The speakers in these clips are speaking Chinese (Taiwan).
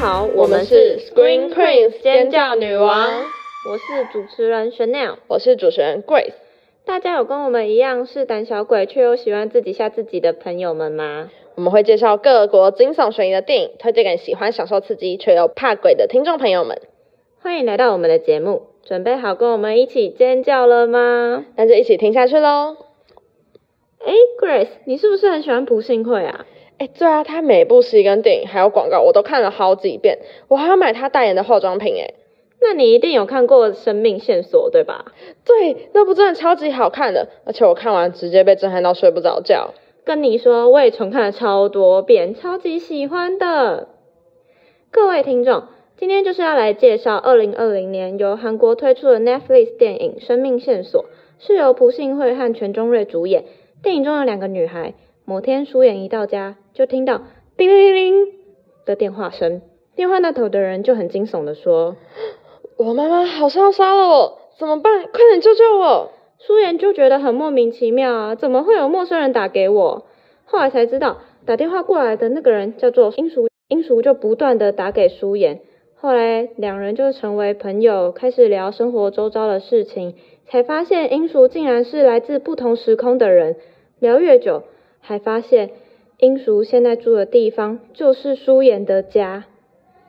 好，我們是 Scream Queens 尖叫女王，我是主持人 Chanel，我是主持人 Grace。大家有跟我們一樣是膽小鬼，卻又喜歡自己嚇自己的朋友們嗎？我們會介紹各國驚悚懸疑的電影，推薦給喜歡享受刺激卻又怕鬼的聽眾朋友們。歡迎來到我們的節目，準備好跟我們一起尖叫了嗎？那就一起聽下去嘍。哎、欸、，Grace，你是不是很喜歡朴信惠啊？哎，對啊，他每部戲跟電影還有廣告，我都看了好幾遍，我還要買他代言的化妝品哎。那你一定有看過《生命線索》對吧？對，那部真的超級好看的，而且我看完直接被震撼到睡不着覺。跟你說，我也重看了超多遍，超級喜歡的。各位聽眾，今天就是要來介紹二零二零年由韓國推出的 Netflix 電影《生命線索》，是由朴信惠和全中瑞主演。電影中的兩個女孩。某天，舒言一到家就聽到叮鈴鈴的電話聲，電話那頭的人就很驚悚的說：“我媽媽好像要殺了我，怎麼辦？快點救救我！”舒言就覺得很莫名其妙啊，怎麼會有陌生人打給我？後來才知道，打電話過來的那個人叫做英淑，英淑就不斷地打給舒言。後來兩人就成為朋友，開始聊生活周遭的事情，才發現英淑竟然是來自不同時空的人，聊越久。還發現英叔現在住的地方就是舒妍的家，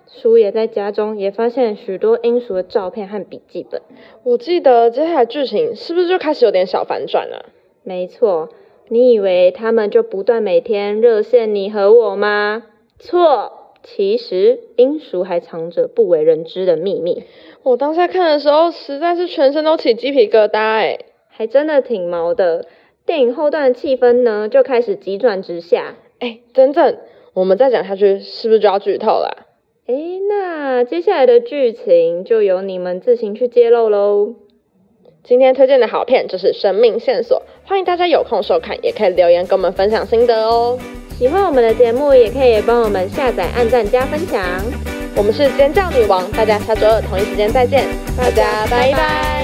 舒妍在家中也發現許多英叔的照片和筆記本。我記得接下來劇情是不是就開始有點小反轉了，啊？沒錯，你以為他們就不斷每天熱線你和我嗎？錯，其實英叔還藏着不為人知的秘密。我當下看的時候實在是全身都起雞皮疙瘩哎、欸，還真的挺毛的。電影後段的氣氛呢，就開始急轉直下。哎，真正我們再講下去是不是就要劇透了？哎，那接下來的劇情就由你們自行去揭露嘍。今天推薦的好片就是《生命線索》，歡迎大家有空收看，也可以留言跟我們分享心得哦。喜歡我們的節目，也可以幫我們下載、按讚、加分享。我們是尖叫女王，大家下週二同一時間再見，大家拜拜。